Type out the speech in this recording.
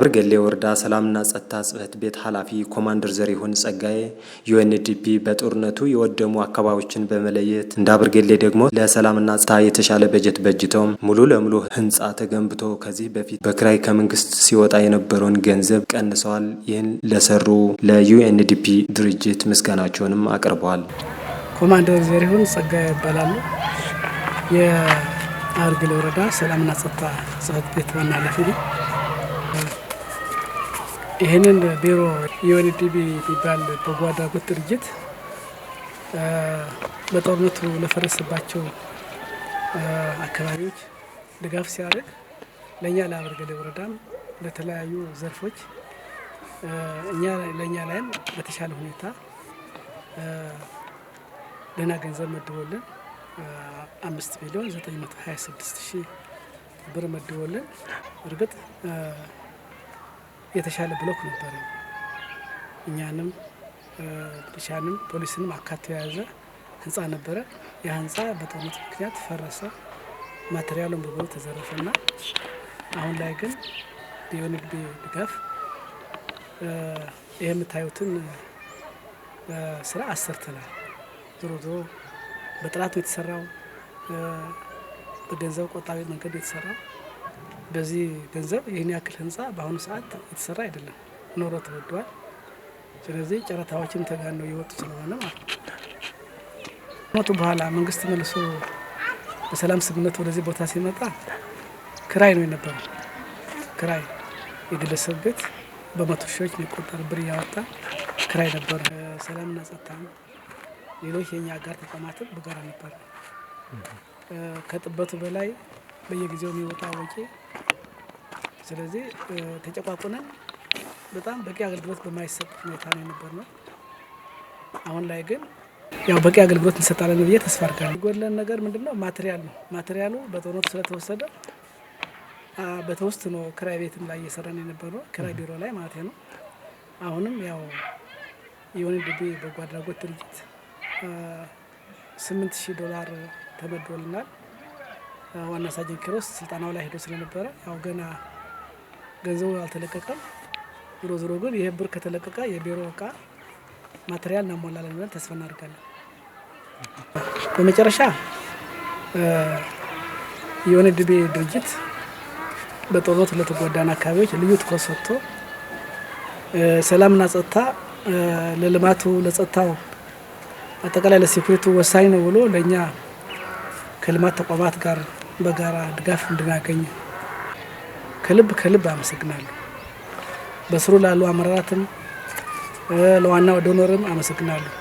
ብርገሌ ወረዳ ሰላምና ጸጥታ ጽሕፈት ቤት ኃላፊ ኮማንደር ዘሪሁን ጸጋዬ ዩኤንዲፒ በጦርነቱ የወደሙ አካባቢዎችን በመለየት እንደ አብርገሌ ደግሞ ለሰላምና ጸጥታ የተሻለ በጀት በጅተው ሙሉ ለሙሉ ህንፃ ተገንብቶ ከዚህ በፊት በክራይ ከመንግስት ሲወጣ የነበረውን ገንዘብ ቀንሰዋል። ይህን ለሰሩ ለዩኤንዲፒ ድርጅት ምስጋናቸውንም አቅርበዋል። ኮማንደር ዘሪሁን ጸጋዬ ይባላሉ። የአብርገሌ ወረዳ ሰላምና ጸጥታ ጽሕፈት ቤት ዋና ኃላፊ ነው። ይህንን ቢሮ ዩኤንዲፒ የሚባል በጎ አድራጎት ድርጅት በጦርነቱ ለፈረሰባቸው አካባቢዎች ድጋፍ ሲያደርግ ለእኛ ለአበርገሌ ወረዳም ለተለያዩ ዘርፎች እኛ ለእኛ ላይም በተሻለ ሁኔታ ደህና ገንዘብ መድቦልን አምስት ሚሊዮን ዘጠኝ መቶ ሀያ ስድስት ሺህ ብር መድቦልን እርግጥ የተሻለ ብሎክ ነበረ። እኛንም ብቻንም ፖሊስንም አካቶ የያዘ ህንፃ ነበረ። ያ ህንፃ በጦርነት ምክንያት ፈረሰ። ማቴሪያሉን ተዘረፈ ተዘረፈና አሁን ላይ ግን የንግድ ድጋፍ ይህ የምታዩትን ስራ አሰርተናል። ዞሮ ዞሮ በጥራት የተሰራው፣ በገንዘብ ቆጣቢ መንገድ የተሰራው በዚህ ገንዘብ ይህን ያክል ህንፃ በአሁኑ ሰዓት የተሰራ አይደለም፣ ኑሮ ተወዷል። ስለዚህ ጨረታዎችን ተጋነው እየወጡ ስለሆነ ማለት ሞቱ በኋላ መንግስት መልሶ በሰላም ስምምነት ወደዚህ ቦታ ሲመጣ ክራይ ነው የነበረው። ክራይ የግለሰብ ቤት በመቶ ሺዎች የሚቆጠር ብር እያወጣ ክራይ ነበር። ሰላምና ጸጥታ፣ ሌሎች የኛ ጋር ተቋማትም በጋራ ነበር። ከጥበቱ በላይ በየጊዜው የሚወጣ ወጪ ስለዚህ ተጨቋቁነን በጣም በቂ አገልግሎት በማይሰጥ ሁኔታ ነው የነበር ነው። አሁን ላይ ግን ያው በቂ አገልግሎት እንሰጣለን ብዬ ተስፋ አድርጋለሁ። ጎለን ነገር ምንድን ነው? ማቴሪያል ነው። ማቴሪያሉ በጦርነቱ ስለተወሰደ በተወስት ነው ክራይ ቤትም ላይ እየሰራ ነው የነበር ነው፣ ክራይ ቢሮ ላይ ማለት ነው። አሁንም ያው የሆነ ድቤ በጎ አድራጎት ድርጅት ስምንት ሺህ ዶላር ተመድቦልናል። ዋና ሳጅን ኪሮስ ስልጠናው ላይ ሄዶ ስለነበረ ያው ገና ገንዘቡ አልተለቀቀም። ዞሮ ዞሮ ግን ይህ ብር ከተለቀቀ የቢሮ እቃ ማቴሪያል እናሟላለን ብለን ተስፋ እናደርጋለን። በመጨረሻ ድቤ ድርጅት በጦርነት ለተጎዳን አካባቢዎች ልዩ ትኩረት ሰጥቶ ሰላምና ጸጥታ ለልማቱ ለጸጥታው አጠቃላይ ለሴኩሪቱ ወሳኝ ነው ብሎ ለእኛ ከልማት ተቋማት ጋር በጋራ ድጋፍ እንድናገኝ ከልብ ከልብ አመሰግናለሁ። በስሩ ላሉ አመራራትም ለዋናው ዶኖርም አመሰግናለሁ።